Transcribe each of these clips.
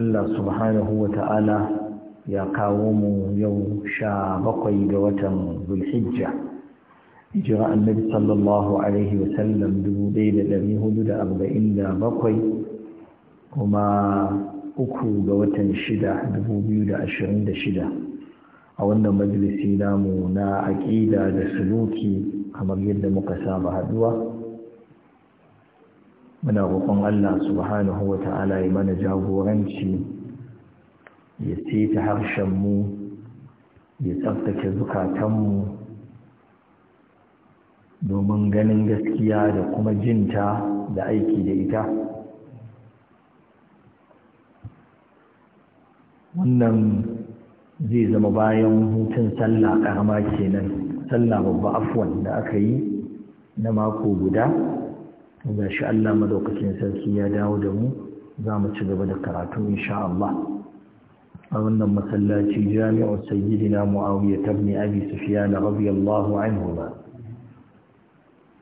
Allah subhanahu wa ta'ala ya kawo mu yau sha bakwai ga watan zulhijja hijira annabi sallallahu alaihi wasallam dubu ɗaya da ɗari hudu da arba'in da bakwai kuma uku ga watan shida dubu biyu da ashirin da shida a wannan majalisi namu na aƙida da suluki kamar yadda muka saba haɗuwa muna roƙon Allah subhanahu wa ta'ala ya mana jagoranci ya harshen mu ya tsabtace mu domin ganin gaskiya da kuma jinta da aiki da ita wannan zai zama bayan hutun sallah ƙarama kenan sallah babba afwan da aka yi na mako guda ga shi Allah madaukakin sarki ya dawo da mu za mu ci gaba da karatu insha Allah a wannan masallaci jami'u sayyidina Muawiya tabni Abi Sufyan radiyallahu anhu ba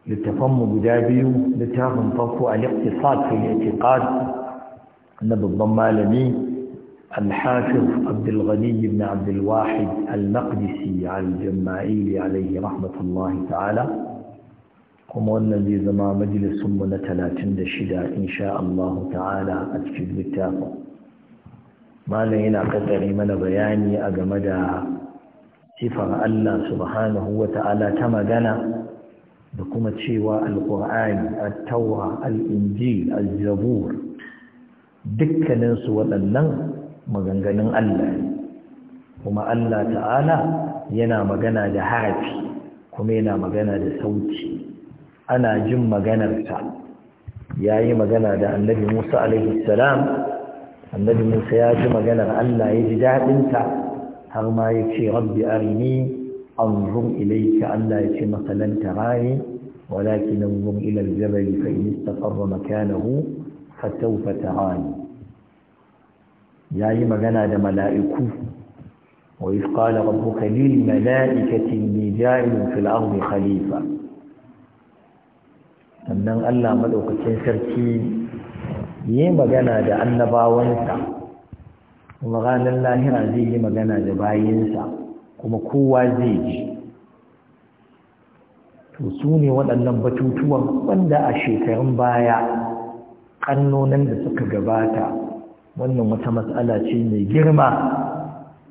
littafan mu guda biyu littafin farko al-iqtisad fi al-i'tiqad na babban malami الحافظ عبد الغني بن عبد الواحد المقدسي على الجمائيل عليه رحمة الله تعالى kuma wannan zai zama majalisunmu na talatin da shida insha Allah ta'ala a cikin littafin malam yana katsari mana bayani a game da sifar Allah subhanahu wa ta'ala ta magana da kuma cewa alƙur'ani attawa al'injil al-zabur dukkaninsu waɗannan maganganun Allah kuma Allah ta'ala yana magana da harafi kuma yana magana da sauti ana jin maganarsa ya yi magana da annabi musa alaihi salam annabi musa ya ji maganar allah ya ji daɗinta har ma ya ce rabbi arini anzur ilayka allah ya ce masa lan tarani walakin anzur ila aljabal fa in istaqarra makanahu fasawfa sawfa tarani ya yi magana da mala'iku wa iz qala rabbuka lil mala'ikati inni ja'ilun fil ardi khalifa sannan Allah maɗaukacin sarki yi magana da annabawansa kuma ranar lahira zai yi magana da bayinsa kuma kowa zai ji to su ne waɗannan batutuwan wanda a shekarun baya ƙannonin da suka gabata wannan wata matsala ce mai girma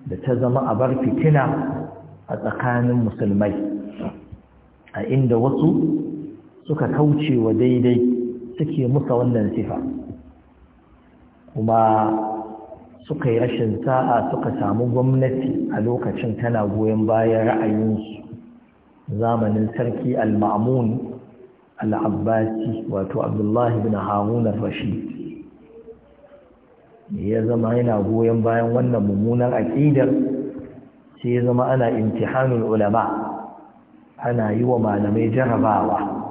da ta zama a bar fitina a tsakanin musulmai a inda wasu suka kauce wa daidai suke musa wannan sifa kuma suka yi rashin sa'a suka samu gwamnati a lokacin tana goyon bayan ra'ayinsu zamanin sarki al maamun al-abbasi wato abdullahi bin harun rashid ya zama yana goyon bayan wannan mummunar aƙidar sai ya zama ana imtihanul ulama ana yi wa malamai jarabawa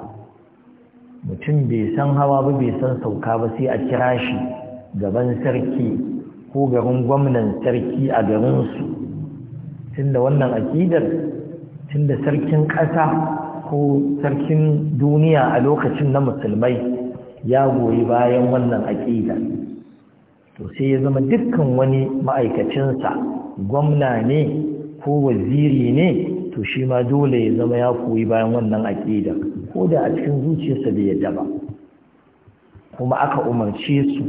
mutum bai san hawa ba bai san sauka ba sai a kira shi gaban sarki ko garin gwamnan sarki a garinsu tunda wannan akidar tunda sarkin ƙasa ko sarkin duniya a lokacin na musulmai ya goyi bayan wannan akidar to sai ya zama dukkan wani ma'aikacinsa gwamna ne ko waziri ne to shi ma dole ya zama ya koyi bayan wannan aƙidar ko da a cikin zuciyarsa bai yadda ba kuma aka umarce su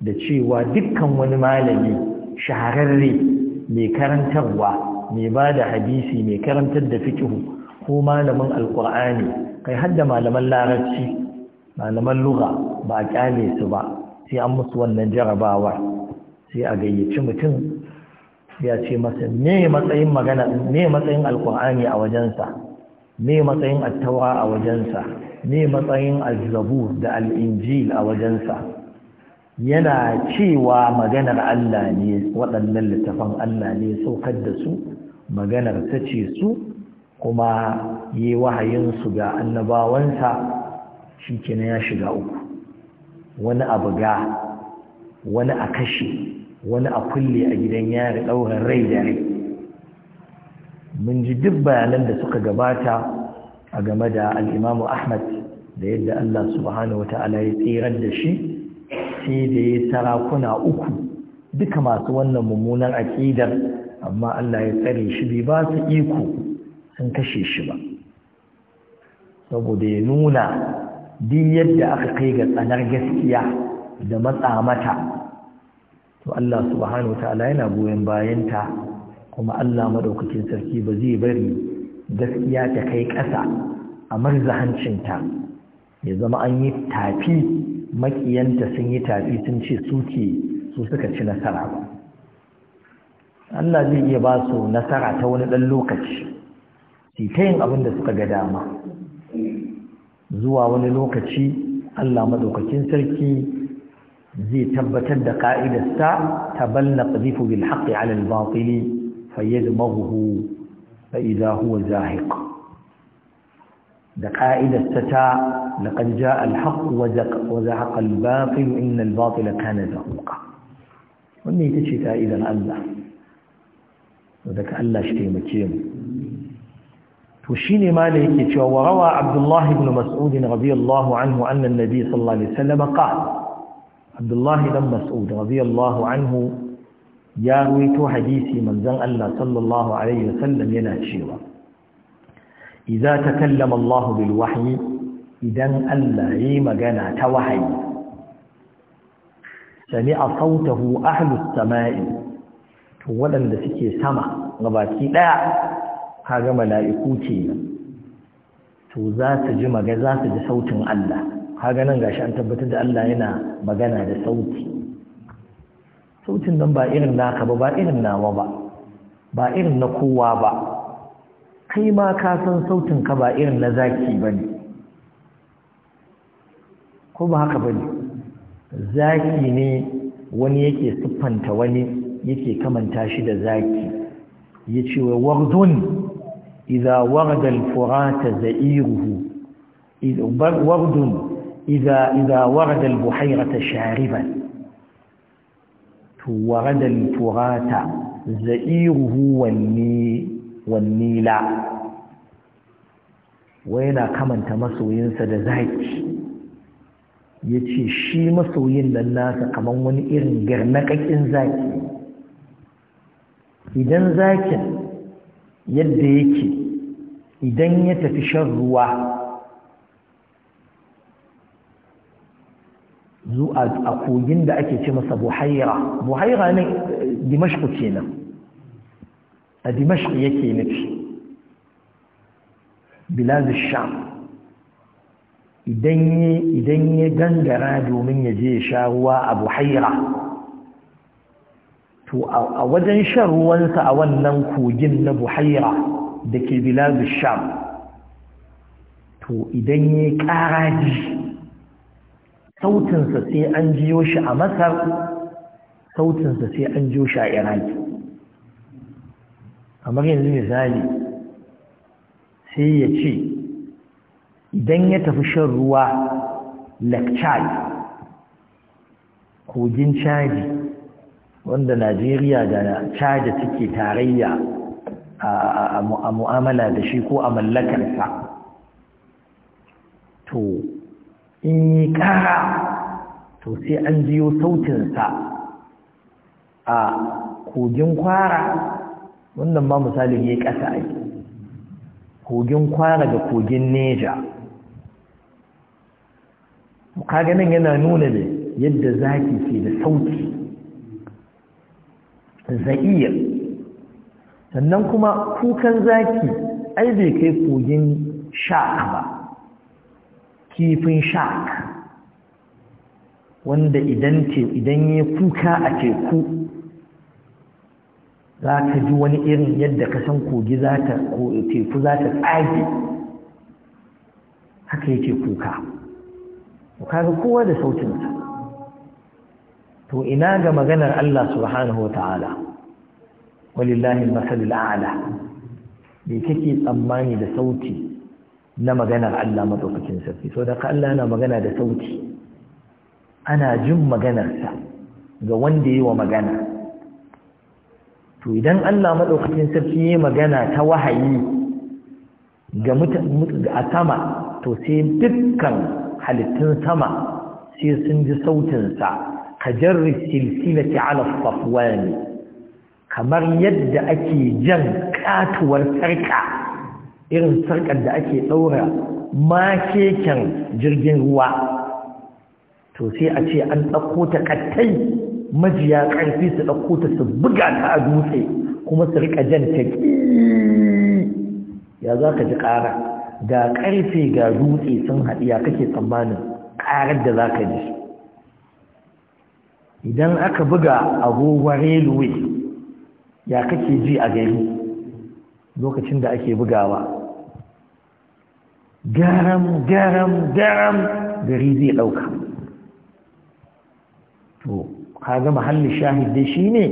da cewa dukkan wani malami shahararre mai karantarwa mai ba da hadisi mai karantar da fikihu ko malamin alkur'ani kai hadda malaman larabci malaman lura ba a kyale su ba sai an musu wannan jarabawar sai a gayyaci mutum ya ce masa me matsayin magana me matsayin alkur'ani a wajensa me matsayin attawa a wajensa me matsayin azzabur da al'injil a wajensa yana cewa maganar Allah ne waɗannan littafan Allah ne saukar da su maganar ta ce su kuma yi wahayinsu ga annabawansa shi ya shiga uku wani abu ga wani a kashe wani a kulle a gidan yari ɗaurin rai da rai mun ji duk bayanan da suka gabata a game da al'imamu ahmad da yadda allah subhanahu wa ta'ala ya tsirar da shi sai da ya sarakuna uku duka masu wannan mummunar aƙidar amma allah ya tsare shi bai ba su iko sun kashe shi ba saboda ya nuna duk yadda aka kai ga tsanar gaskiya da matsa mata to allah subhanahu wa ta'ala yana goyon bayanta kuma Allah madaukakin sarki ba zai bari gaskiya ta kai ƙasa a marzahancinta ya zama an yi tafi makiyanta sun yi tafi sun ce suke su suka ci nasara ba Allah zai iya ba su nasara ta wani ɗan lokaci su ta yin abin da suka ga dama zuwa wani lokaci Allah madaukakin sarki zai tabbatar da ka'idarsa ta balla qadhifu bil haqqi 'ala al-batili فيدمغه فإذا هو زاهق دقائد الستاء لقد جاء الحق وزعق الباطل إن الباطل كان زهوقا وني تشتاء إذا الله وذك الله شريم كيم تشيني مالك وروى عبد الله بن مسعود رضي الله عنه أن النبي صلى الله عليه وسلم قال عبد الله بن مسعود رضي الله عنه ya ruwaito hadisi manzon Allah sallallahu alaihi wasallam yana cewa idza takallama Allah bil wahyi idan Allah yi magana ta wahayi sami'a sautahu ahlus sama'i to waɗanda suke sama gabaki daya kaga mala'iku ce to za su ji za su ji sautin Allah kaga nan gashi an tabbatar da Allah yana magana da sauti sautin nan ba irin naka ba ba irin nawa ba ba irin na kowa ba kai ma ka san sautin ka ba irin na zaki bane ko ba haka bane zaki ne wani yake siffanta wani yake kamanta shi da zaki yace wa wardun idza warda al furat za'iruhu idza wardun idza idza warda al-buhayrata shariban to warada al-furata za'iruhu wanni wannila wai yana kamanta masoyinsa da zaki ya ce shi masoyin nan nasa kamar wani irin garnakakin zaki idan zakin yadda yake idan ya tafi shan ruwa zuwa a kogin da ake ce masa buhaira buhaira ne eh, dimashku kenan a dimashku yake nufi bilazin idan ya gangara domin ya je sha ruwa a buhaira to a wajen shan ruwansa a wannan kogin na buhaira da ke bilazin to idan ya ƙaraji sautinsa sai an jiyo shi a masar sautinsa sai an jiyo shi a iraki kamar yanzu misali sai ya ce idan ya tafi shan ruwa lakchad kogin chaji wanda najeriya da chaji suke tarayya a mu'amala da shi ko a mallakarsa to in eh, yi ƙara to sai an jiyo sautinsa a kogin kwara wannan ma misalin ya yi ƙasa a kogin kwara da kogin neja nan yana nuna ne yadda zaki ke da sauti za'iyar sannan kuma kukan zaki ai bai kai kogin sha'a ba kifin shark wanda idan ce idan ya kuka a teku za ka ji wani irin yadda ka san kogi za ta teku za ta tsage haka yake kuka kaga kowa da sautinsa to ina ga maganar Allah subhanahu wa ta'ala walillahi masalul a'la me kake tsammani da sauti na maganar Allah madaukakin sarki so da Allah yana magana da sauti ana jin maganarsa ga wanda yi wa magana to idan Allah madaukakin sarki ya magana ta wahayi ga a sama to sai dukkan halittun sama sai sun ji sautinsa kajarri silsilati ala safwani kamar yadda ake jan katuwar sarka irin sarƙar da ake ɗaura makeken jirgin ruwa to sai a ce an ɗauko ta ƙattai majiya ƙarfi su ɗauko ta su buga ta a dutse kuma su riƙa jan ta ya za ka ji ƙara ga ƙarfe ga dutse sun haɗi ya kake tsammanin ƙarar da za ka ji idan aka buga agogon railway ya kake ji a gari lokacin da ake bugawa garam garam garam gari zai ɗauka to kaga mahallin shahid dai shine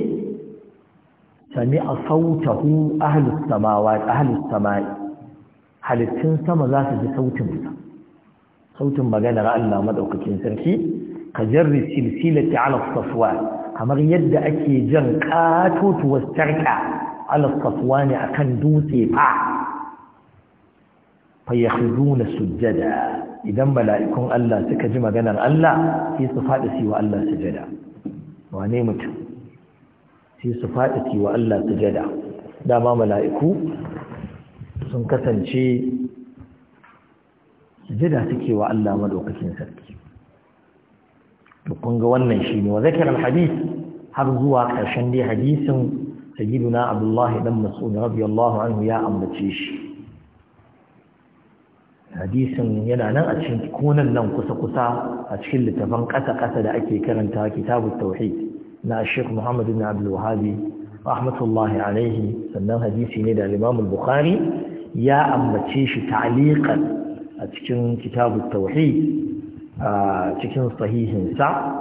sami'a sautahu ahlus samawati ahlus samai halittun sama za su ji sautin sa sautin maganar Allah madaukakin sarki ka jarri silsilati ala safwa kamar yadda ake jan katotuwar sarka ala safwa ne akan dutse fa fayakhuduna sujada, idan mala'ikun Allah suka ji maganar Allah sai su fada su wa Allah sujada wane mutum sai su fada su wa Allah sujada dama mala'iku sun kasance sujada suke wa Allah madaukakin sarki to kun ga wannan shine wa zakar alhadith har zuwa karshen dai hadisin sayyiduna abdullahi dan Mas'ud radiyallahu anhu ya ambace shi hadisin yana nan a cikin kunan nan kusa-kusa a cikin littafan ƙasa-ƙasa da ake karanta kitabut tauhid na Sheikh Muhammad bin Abdul Wahhabi rahmatullahi alaihi sannan hadisi ne da Imam Bukhari ya ambace shi ta'liqan a cikin kitabut tauhid a cikin sahihin sa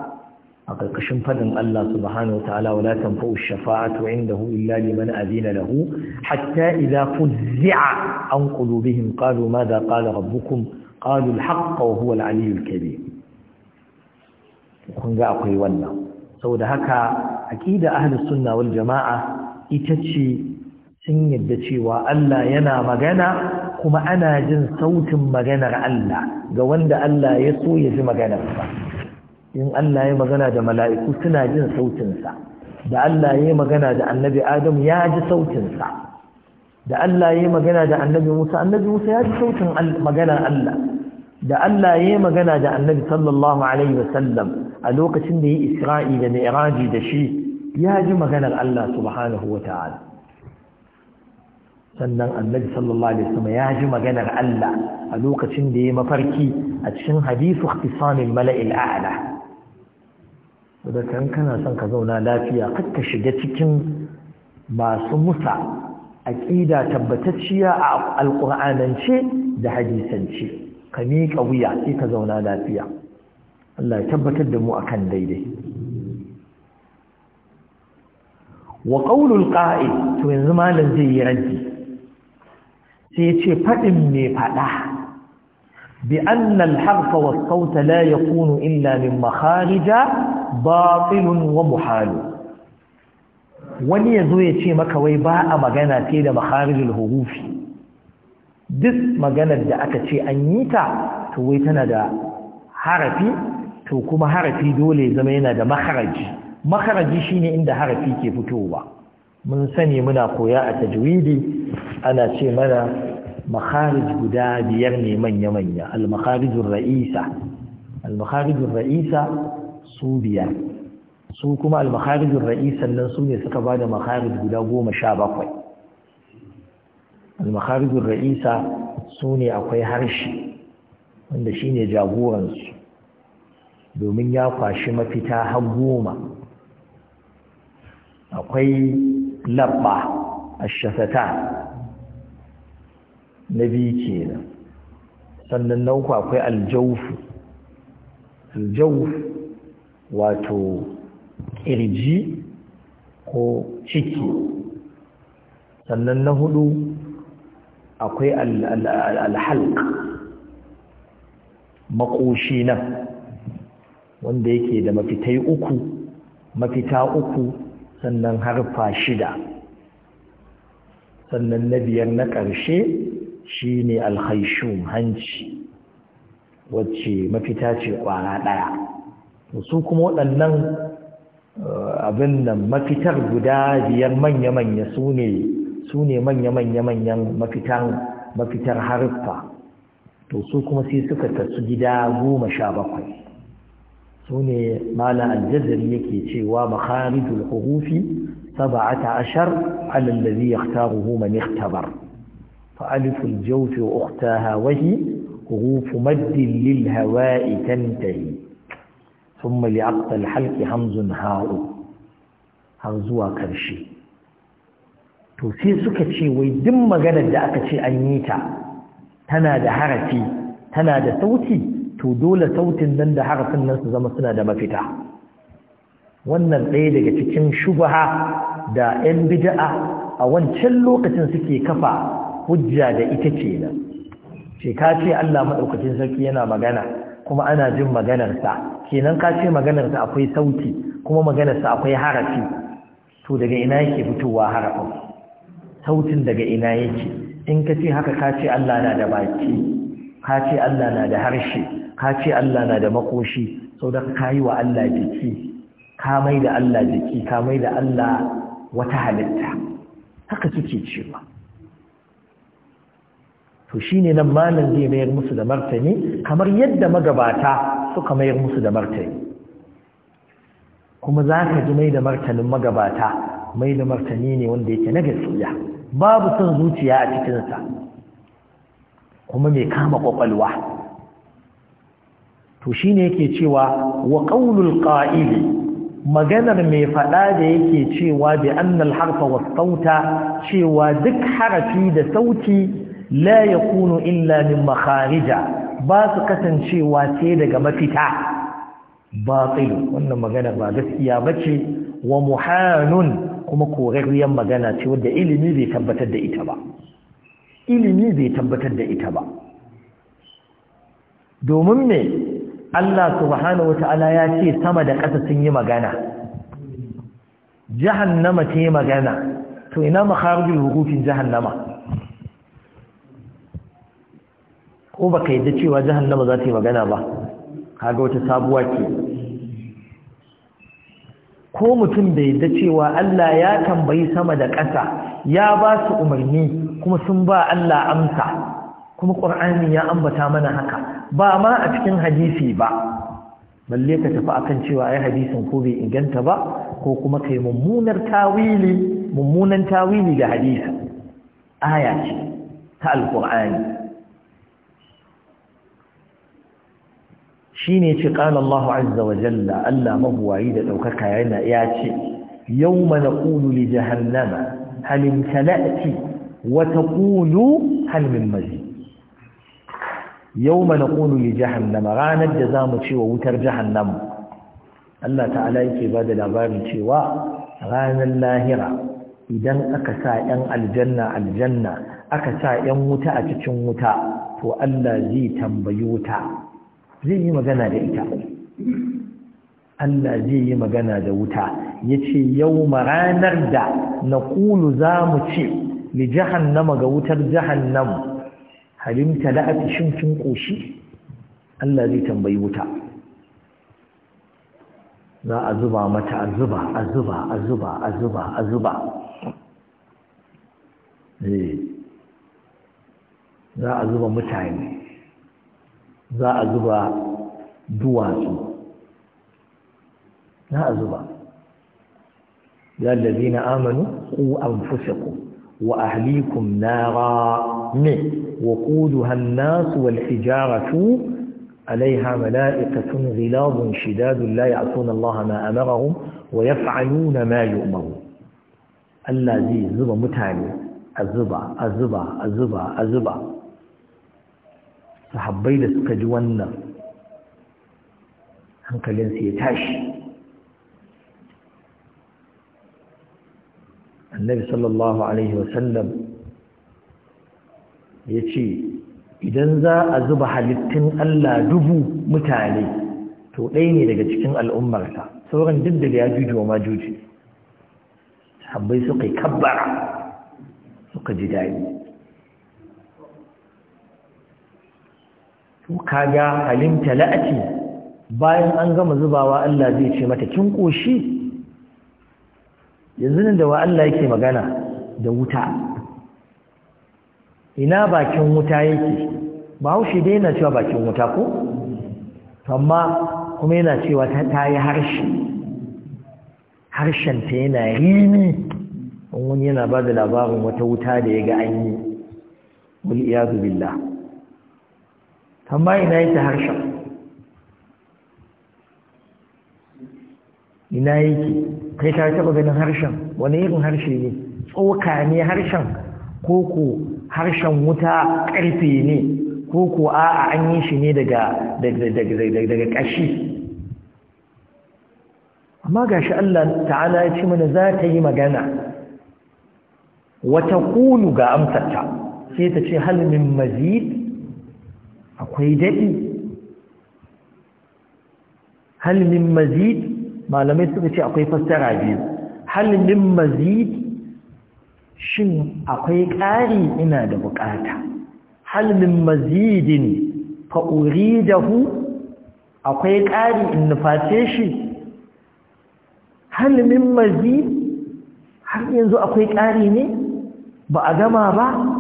a ƙarƙashin faɗin Allah subhanahu wa ta'ala wala tanfa'u shafa'atu indahu illa liman azina lahu hatta idza fuzzi'a an qulubihim qalu madha qala rabbukum qalu al-haqq wa huwa al-'aliyyul kun ga akwai wannan saboda haka aqida ahlus sunna wal jama'a ita ce sun yadda cewa Allah yana magana kuma ana jin sautin maganar Allah ga wanda Allah ya so ya ji maganar sa in Allah ya magana da mala'iku suna jin sautinsa da Allah ya magana da annabi Adam ya ji sautinsa da Allah ya magana da annabi Musa annabi Musa ya ji sautin maganar Allah da Allah ya magana da annabi sallallahu alaihi wasallam a lokacin da ya isra'i da mi'raji da shi ya ji maganar Allah subhanahu wa wata'ala sannan annabi sallallahu alaihi wasallam ya ji maganar Allah a lokacin da ya mafarki a cikin hadithu ikhtisamil mala'il a'la da kan kana son ka zauna lafiya kar ka shiga cikin masu musa aqida tabbatacciya a alqur'anance da hadisance ka miƙa wuya sai ka zauna lafiya Allah ya tabbatar da mu akan daidai wa qaulul qa'id to yanzu malam zai yi raddi sai ya ce fadin me fada بأن الحرف والصوت لا يكون إلا من مخارج باطل ومحال wani ya zo ya ce maka wai ba a magana ce da makharijul hurufi duk maganar da aka ce an yi ta to wai tana da harafi to kuma harafi dole zama yana da makharaji makharaji shine inda harafi ke fitowa mun sani muna koya a tajwidi ana ce mana makharij guda biyar ne manya-manya al ra'isa al ra'isa su biyar su kuma al raisa nan su ne suka ba da makharij guda goma sha bakwai al ra'isa su ne akwai harshe wanda shi ne jagoransu domin ya kwashi mafita har goma akwai labba a shafata na biyu kenan sannan na uku akwai aljawfu aljawf wato kirji ko ciki sannan na hudu akwai alhalk makoshi nan wanda yake da mafitai uku mafita uku sannan harfa shida sannan na biyar na ƙarshe shi ne alhaishun hanci wacce mafita ce kwana ɗaya su kuma waɗannan eh, abin nan mafitar guda biyar manya-manya su ne su ne manya-manya-manyan mafitar haruffa to su kuma sai suka tasu gida goma sha bakwai su ne malam aljazari yake cewa makharijul hurufi saba'ata ashar alallazi yaktaruhu man yaktabar فألف الجوف وأختاها وهي غوف مد للهواء تنتهي ثم لعقد الحلق همز هاء هرزوا كرشي تو سي سكتشي وي مغانا دا أكتشي أنيتا تنا دا حرتي تنا دا تو دول توتي من دا حرف الناس زم سنا دا مفتا وانا القيدة كتشن شبها دا انبدأ أو انشلو كتن سكي كفا hujja da ita ce nan ce ka ce Allah maɗaukacin sarki yana magana kuma ana jin maganarsa kenan ka ce maganarsa akwai sauti kuma maganarsa akwai harafi to daga ina yake fitowa harafin sautin daga ina yake in ka ce haka ka ce Allah na da baki ka ce Allah na da harshe ka ce Allah na da makoshi saboda ka yi wa Allah jiki ka mai da Allah jiki ka mai da Allah wata halitta haka suke cewa to shine nan malam zai mayar musu da martani kamar yadda magabata suka mayar musu da martani kuma za ka ji mai da martanin magabata mai da martani ne wanda yake na gaskiya babu son zuciya a cikinsa kuma mai kama ƙwaƙwalwa? to shine yake cewa wa qaulul qa'ili maganar mai faɗa da yake cewa bi annal harfa wa sauta cewa duk harafi da sauti la yakunu illa min makharija ba su kasancewa ce daga mafita batil wannan magana ba gaskiya ba ce. wa muhanun kuma korarriyar magana ce wadda ilimi bai tabbatar da ita ba ilimi bai tabbatar da ita ba domin me Allah subhanahu wata'ala ya ce sama da ƙasa sun yi magana jahannama ce magana to ina makharijul hurufin jahannama ko baka yadda cewa jahannama za ta yi magana ba kaga wata sabuwa ke ko mutum bai yadda cewa Allah ya tambayi sama da ƙasa ya ba su umarni kuma sun ba Allah amsa kuma ƙur'ani ya ambata mana haka ba ma a cikin hadisi ba balle ka tafi akan cewa ai hadisin ko bai inganta ba ko kuma kai mummunar tawili mummunan tawili da hadisi aya ce ta alƙur'ani shine ce qala Allahu azza wa jalla Allah mabuwayi da ɗaukaka yana ya ce mana naqulu li jahannama halin imtala'ti wata taqulu hal mazi. Yau mana naqulu li jahannama ranar da zamu ce wa wutar jahannam Allah ta'ala yake bada labarin cewa ranar lahira idan aka sa 'yan aljanna aljanna aka sa 'yan wuta a cikin wuta to Allah zai tambayi wuta zai yi magana da ita Allah zai yi magana da wuta ya ce yau ranar da na kulu za mu ce li jahannama ga wutar jahannam halimta la'afi shin kin ƙoshi Allah zai tambayi wuta za a zuba mata a zuba a zuba a zuba a zuba a zuba eh. za a zuba mutane za a zuba duwatsu za a zuba ya lalzi na amini ku an fushe ku wa ahlikum nara ne wa kudu hannasu wal hijaratu alaiha mala'ikatun ghilabun shidadun la ya'tun Allah ma amarahum wa yaf'aluna ma yu'maru Allah zai zuba mutane a zuba a zuba a zuba a zuba sahabbai da suka ji wannan hankalinsu ya tashi annabi sallallahu alaihi wasallam ya ce idan za a zuba halittun Allah dubu mutane to ɗaya ne daga cikin al'ummarsa sauran duk da ya juji wa majuji sahabbai suka yi kabbara suka ji daɗi kaga halimta la'ati bayan an gama zubawa Allah zai ce mata kin koshi yanzu nan da wa Allah yake magana da wuta ina bakin wuta yake bahaushe dai yana cewa bakin wuta ko amma kuma yana cewa ta tayi harshe ta yana rini wani yana ba da labarin wata wuta da ya ga an yi iya iyadu amma ina yake harshen ina yake kai ta taba ganin harshen wani irin harshe ne tsoka ne harshen koko harshen wuta karfe ne koko a'a an yi shi ne daga daga ƙashi amma gashi Allah ta'ala ya ce mana za ta yi magana wata kulu ga amsarta sai ta ce hal min mazid akwai daɗi halmin mazid malamai suka ce akwai fassara biyu halmin mazid shin akwai ƙari ina da buƙata halmin mazidin fa'uri da hu akwai ƙari in nuface shi halmin mazid har yanzu akwai ƙari ne ba a gama ba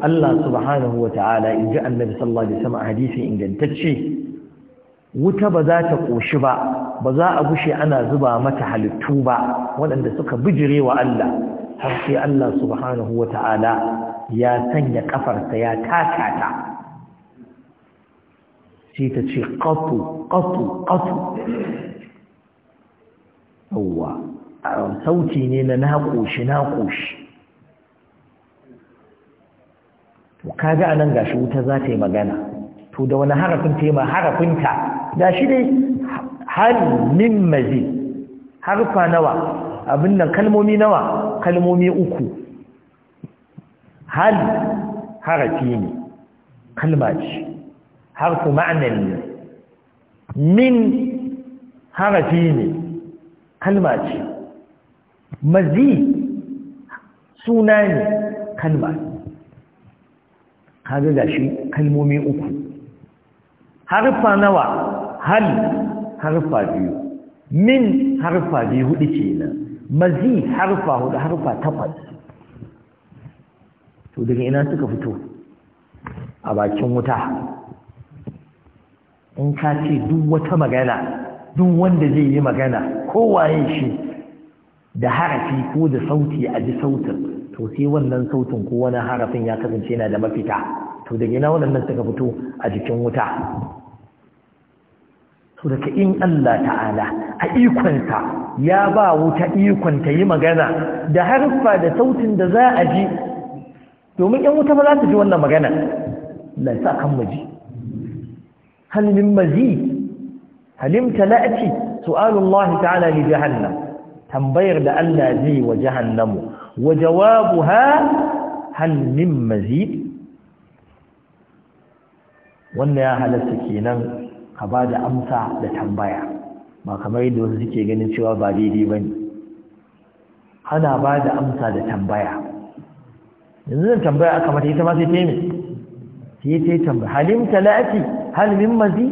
to Allah subhanahu wa ta'ala in ji annabi sallallahu alaihi wasallam a hadisi ingantacce wuta ba za ta koshi ba ba za a bushe ana zuba mata halittu ba waɗanda suka bijire wa Allah har sai Allah subhanahu wa ta'ala ya sanya kafarsa ya taka ta sai ta ce qatu qatu qatu sauti ne na na koshi na koshi to kaga anan gashi wuta za ta yi magana to da wani harafin ta yi ma harafinta shi dai hal min mazi harfa nawa abin nan kalmomi nawa kalmomi uku hal harafi ne kalma ce harfu ma'anan ne min harafi ne kalma ce mazi suna ne kalma ne kaga gashi kalmomi uku harfa nawa hal harfa biyu min harfa biyu hudu kenan mazi harfa hudu harfa takwas to daga ina suka fito a bakin wuta in ka ce duk wata magana duk wanda zai yi magana kowaye shi da harafi ko da sauti a ji sautin to sai wannan sautin ko wani harafin ya kasance yana da mafita to daga ina waɗannan suka fito a jikin wuta to daga in Allah ta'ala a ikonta ya ba wuta ikon ta yi magana da harfa da sautin da za a ji domin yan wuta ba za su ji wannan magana la sa kan maji hal min mazi halim talati su'alullahi ta'ala li jahannam tambayar da Allah zai wa jahannamu وجوابها هل من مزيد wannan ya halatta kenan ka ba da amsa da tambaya ba kamar yadda wasu suke ganin cewa ba daidai ba ne ana ba da amsa da tambaya yanzu zan tambaya aka mata ita ma sai ta yi sai ta yi tambaya halin talati hal mazi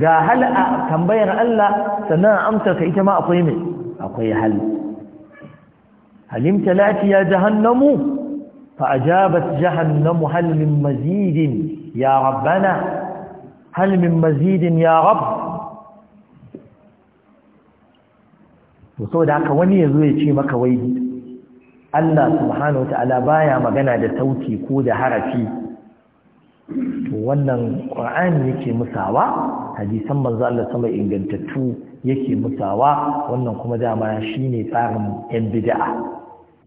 ga hal a tambayar Allah sannan amsar ka ita ma akwai mai akwai halin. halim talati ya jahannamu فأجابت جهنم هل من مزيد يا ربنا هل من مزيد يا saboda haka wani ya zo ya ce maka wai Allah subhanahu wata'ala baya magana da sauti ko da harafi to wannan Qur'ani yake musawa hadisan manzo Allah sama ingantattu yake mutawa wannan kuma dama shine tsarin ‘yan bida’a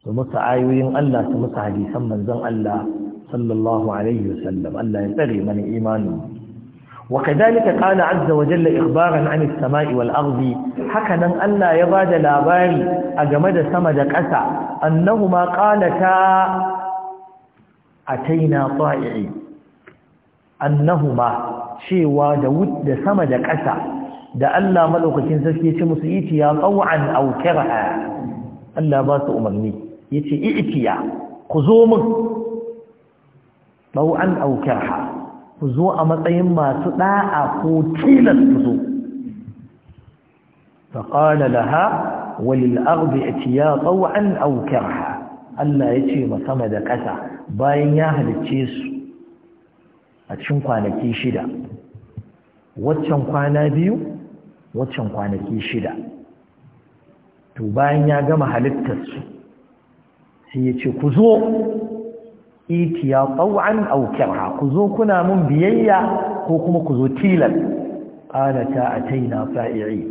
su ayoyin Allah su musa hadisan manzan Allah sallallahu Alaihi wasallam Allah ya tsare mana imanin wakadalika kana azza wa jalla ikhbaran an as-sama'i wal arzi haka nan Allah ya ba da labari a game da sama da ƙasa annahuma qalata ataina ta'i annahuma cewa da da sama da ƙasa da Allah madaukakin sarki ya ce musu itiya qaw'an aw karha Allah ba su umarni yace itiya ku zo mun qaw'an aw ku zo a matsayin masu da'a ko tilas ku zo faqala laha walil ardi itiya qaw'an aw karha Allah ya ce ma sama da ƙasa bayan ya halicce su a cikin kwanaki shida waccan kwana biyu waccan kwanaki shida to bayan ya gama halittarsu sai ya ce ku zo itiya tsawon aukirha ku zo kuna mun biyayya ko kuma ku zo tilar Ƙanata a taina fa'iri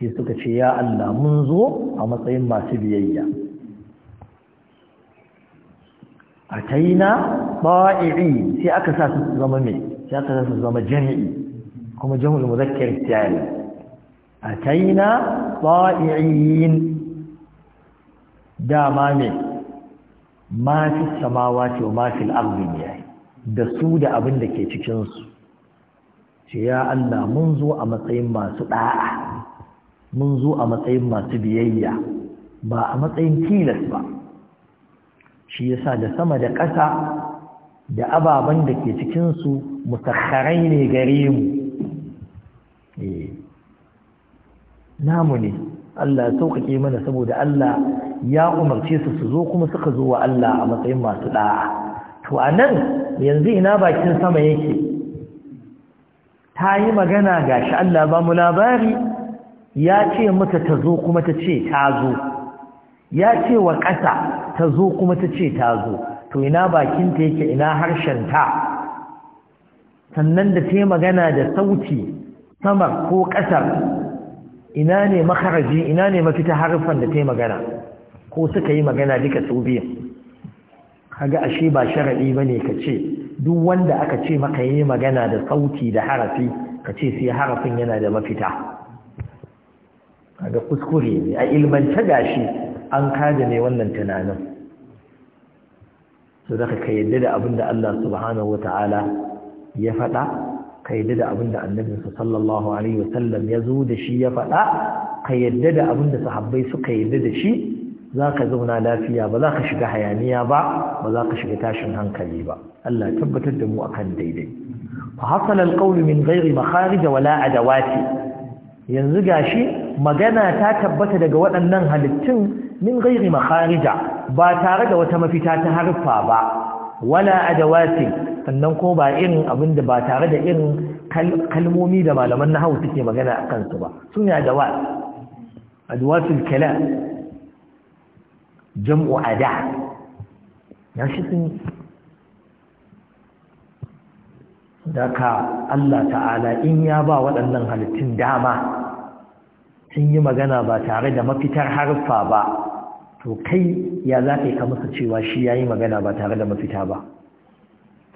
sai suka ce ya Allah mun zo a matsayin masu biyayya a taina ba'iri sai aka sa su zama mai sai aka sa su zama jami'i kuma jami'ul muzakkar tiyali أتينا طائعين داما من ما في السماوات وما في الأرض da su da abin da ke cikinsu ce ya Allah mun zo a matsayin masu ɗa'a mun zo a matsayin masu biyayya ba a matsayin tilas ba shi yasa da sama da ƙasa da ababen da ke cikinsu musakkarai ne gare mu namu ne Allah ya sauƙaƙe mana saboda Allah ya umarce su su zo kuma suka zo wa Allah a matsayin masu da'a to a nan yanzu ina bakin sama yake ta yi magana gashi Allah ba mu labari ya ce mata ta zo kuma ta ce ta zo ya ce wa ƙasa ta zo kuma ta ce ta zo to ina bakinta yake ina harshen ta sannan da ta magana da sauti samar ko ƙasar ina ne makaraji ina ne mafita harfan da ta yi magana ko suka yi magana duka su biyu kaga ashe ba sharaɗi ba ne ka ce duk wanda aka ce maka yi magana da sauti da harafi ka ce sai harafin yana da mafita kaga kuskure ne a ilmance gashi an kada ne wannan tunanin su zaka ka yadda da abin da Allah subhanahu wata'ala ya faɗa ka yadda da abin da annabinsa sallallahu alaihi wasallam ya zo da shi ya faɗa ka yadda da abin da sahabbai suka yadda da shi za ka zauna lafiya ba za ka shiga hayaniya ba ba za ka shiga tashin hankali ba Allah tabbatar da mu akan daidai fa hasala alqawlu min ghairi makharij wala adawati yanzu gashi magana ta tabbata daga waɗannan halittun min ghairi makharija ba tare da wata mafita ta harfa ba wala adawati sannan ko ba irin abin da ba tare da irin kalmomi da malaman na suke magana a kansu ba suna da wa adwatul kala jam'u ada ya shi sun daga Allah ta'ala in ya ba waɗannan halittun dama sun yi magana ba tare da mafitar harfa ba to kai ya za ka yi ka cewa shi ya yi magana ba tare da mafita ba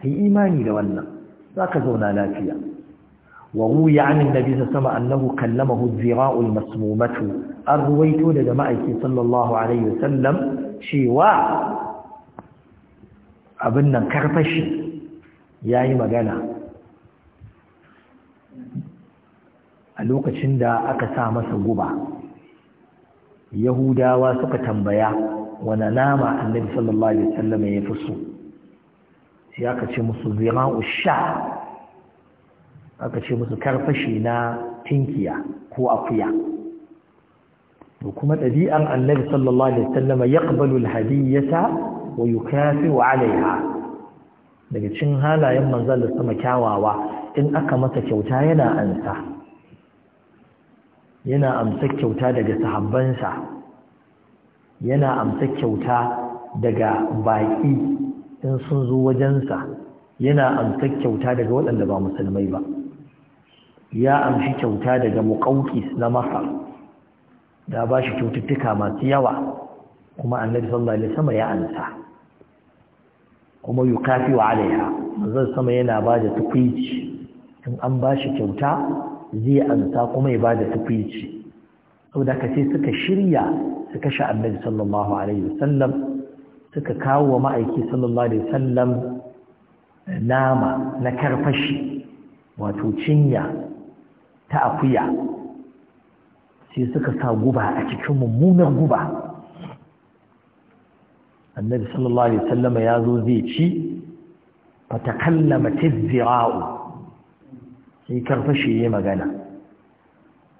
kai imani da wannan zaka zauna lafiya wa ruya anin nabi sama annahu kallamahu zira'ul masmumatu an ruwaito daga ma'aiki sallallahu alaihi wasallam cewa abin nan karfashi yayi magana a lokacin da aka sa masa guba yahudawa suka tambaya wane nama annabi sallallahu alaihi wasallam ya fi so sai aka ce musu zira'u usha aka ce musu karfashe na tinkiya ko akuya to kuma ɗabi'an annabi sallallahu alaihi wasallam ya qabalu alhadiyata wa yukafiru alaiha daga cin halayen manzon da sama kyawawa in aka masa kyauta yana ansa yana amsa kyauta daga sahabbansa yana amsa kyauta daga baƙi in sun zo wajensa yana amsa kyauta daga waɗanda ba musulmai ba ya amshi kyauta daga muƙauƙis na masar da ba shi kyaututtuka masu yawa kuma annabi sallallahu alaihi wasallam ya amsa kuma yukafi wa alaiha zan sama yana ba da tukwici in an ba shi kyauta zai amsa kuma ya ba da tukwici saboda ka sai suka shirya suka sha annabi sallallahu alaihi wasallam suka kawo wa ma'aiki sallallahu alaihi sallam nama na karfashi wato cinya ta akuya sai suka sa guba a cikin mummunar guba annabi sallallahu alaihi wasallam ya zo zai ci fatakallama tizzira'u sai karfashi yayi magana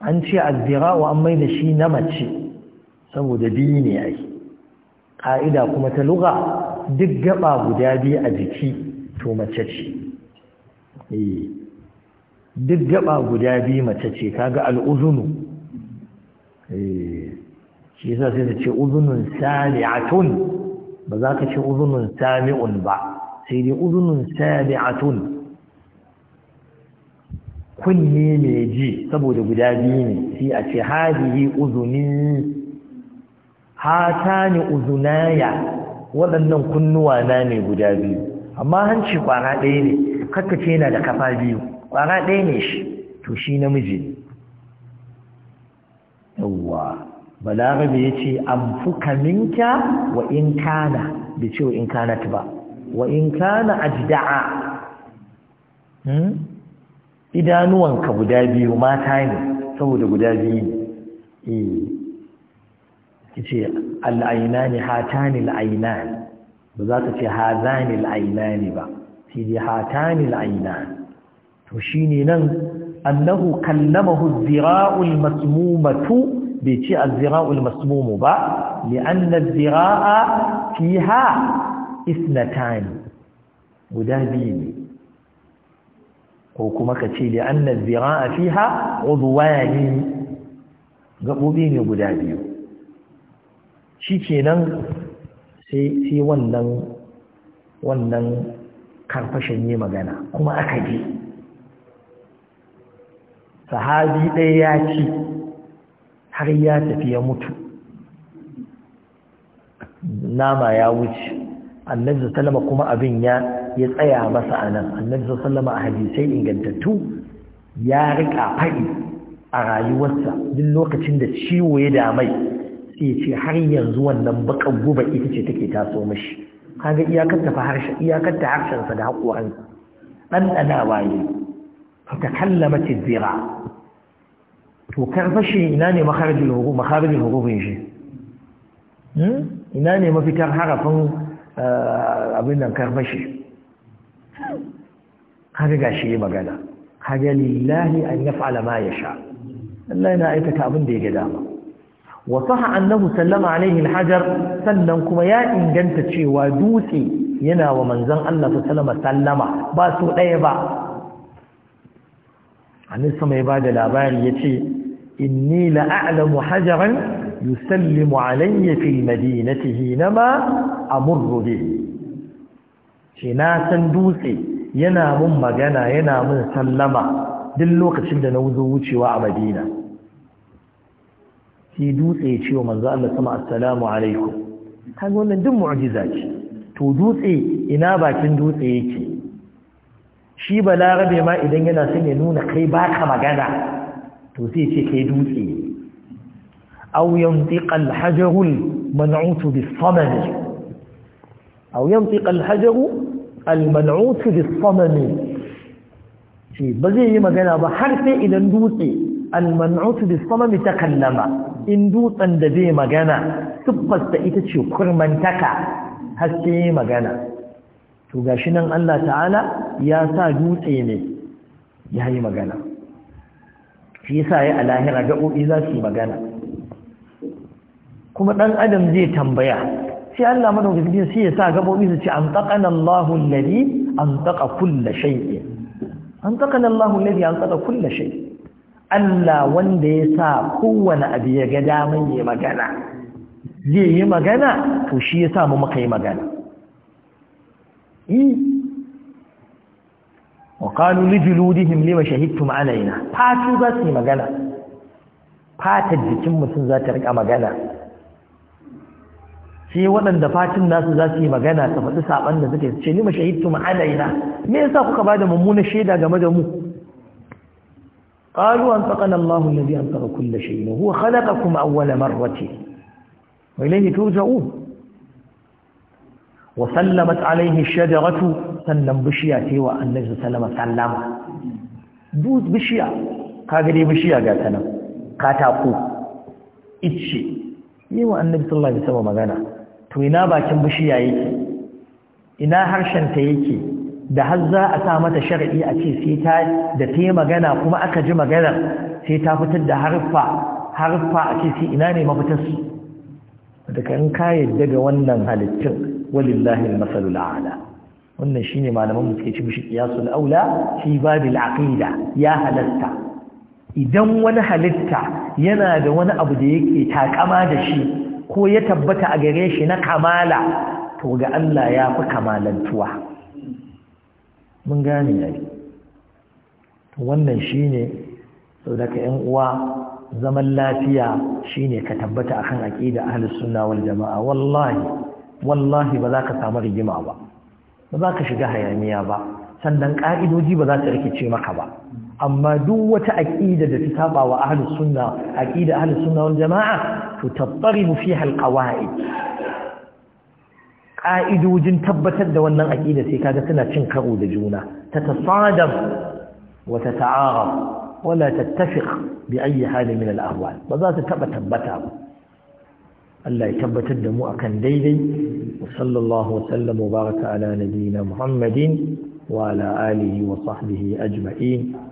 an ce azzira'u an maida shi na mace saboda biyu ne ai ƙa'ida kuma ta lura duk gaba guda biyu a jiki to mace ce eh, duk gaba guda biyu mace ce kaga al'uzunu eh, shi yasa sai ta ce uzunun sami'atun ba za ka ce uzunun sami'un ba sai dai uzunun sami'atun kunne ne ji saboda guda biyu ne sai a ce hadihi uzunin hatani uzunaya waɗannan kunnuwa na ne guda biyu amma hanci kwara ɗaya ne kakkace yana da kafa biyu kwara ɗaya ne shi to shi namiji ne yawwa balarabe ya ce an fuka minka wa in kana da ce wa in kana ba wa in kana da'a hmm? idanuwanka guda biyu mata ne saboda guda biyu ne eh. kice al'ainani hatani al'ainan ba za ka ce hazani al'ainani ba sai dai hatani al'ainan to shine nan annahu kallamahu ziraul masmumatu bai ce az-zira'ul masmumu ba li'anna az-zira'a fiha isnatani guda biyu ne ko kuma ka ce li'anna az-zira'a fiha udwani gabobi ne guda biyu shi kenan sai wannan wannan karfashin yi magana kuma aka je sahabi ɗaya ya ci har ya tafi ya mutu nama ya wuce annabi sallama kuma abin ya ya tsaya masa a nan annabi sallama a hadisai ingantattu ya riƙa faɗi a rayuwarsa duk lokacin da ciwo ya damai sai ce har yanzu wannan bakan guba ita ce take taso mashi kaga iyakar ta harshen iyakar ta sa da hakuran dan dana waye fa takallamat zira to karfashi ina ne makharijul huruf makharijul hurufin shi hmm? ina ne mafitar harafin eh, abin nan karfashi kaga gashi magana kaga lillahi an yaf'ala ma yasha Allah yana aikata abin da ya ga dama wa saha annahu sallama alaihi alhajar sannan kuma ya inganta cewa dutse yana wa manzon Allah sallama sallama ba su ɗaya ba annabi mai ya bada labari yace inni la a'lamu hajaran yusallimu alayya fi madinatihi nama amurru bihi ce na san dutse yana mun magana yana mun sallama duk lokacin da na zo wucewa a madina sai dutse ya ce wa manzo Allah sama assalamu alaikum kaga wannan duk mu'jiza ce to dutse ina bakin dutse yake shi balarabe ma idan yana son ya nuna kai baka magana to sai ce kai dutse aw yantiqa al-hajar al-man'ut bis-samam aw yantiqa al-hajar al-man'ut bis-samam shi ba zai yi magana ba har sai idan dutse al-man'ut bis ta kallama. in dutsen da zai magana da ita ce kurmantaka haske magana to gashi nan Allah ta'ala ya sa dutse ne ya yi magana shi yasa ya alahira gaɓoɓi za su yi magana kuma ɗan adam zai tambaya sai Allah madaukakin sai ya sa gaɓoɓi su ce an taƙana Allahu alladhi an taƙa kulla shay'in an taƙana Allahu alladhi an taƙa kulla shay'in Allah wanda ya sa kowane abu ya ga daman yi magana zai yi magana to shi ya samu muka yi magana وقالوا لجلودهم لما fatu za su yi magana, fatar jikin mutum za ta rika magana sai waɗanda fatin nasu za su yi magana ta faɗi saɓan da suke ce ni mashahidtu ma'alaina me yasa kuka ba da mummunan shaida game da mu قالوا أنطقنا الله الذي أنطق كل شيء وهو خلقكم أول مرة وإليه ترجعون وسلمت عليه الشجرة سلم بشياتي وأن سلم سلم دوز بشيا كاغري بشيا قاتنا كاتاقو إتشي yi wa annabi sallallahu alaihi wasallam magana to ina bakin bishiya yake ina harshen ta yake da har za a sa mata shar'i a ce sai ta da ta magana kuma aka ji maganar sai ta fitar da harfa harfa a ce sai ina ne mafitar su. Da ka yadda ga wannan halittun walillahi al-masalul wannan shine malaman mu suke ci mishi qiyasul aula fi aqida ya halatta idan wani halitta yana da wani abu da yake takama da shi ko ya tabbata a gare shi na kamala to ga Allah ya fi kamalantuwa mun gane yayi to wannan shine saboda yan uwa zaman lafiya shine ka tabbata akan aqida ahlus sunna wal jamaa wallahi wallahi ba za ka samu rigima ba ba za ka shiga hayaniya ba sannan ka'idoji ba za ta rikice maka ba amma duk wata aqida da ta saba wa ahlus sunna aqida ahlus sunna wal jamaa to tattaribu fiha al qawaid ƙa'idojin tabbatar da wannan aƙida sai kaga suna cin karo da juna ta tasadam wa ta ta'arab wala tattafiq bi ayi hali min al-ahwal ba za su taɓa tabbata ba Allah ya tabbatar da mu akan daidai wa sallallahu sallam wa baraka ala nabiyina muhammadin wa ala alihi wa sahbihi ajma'in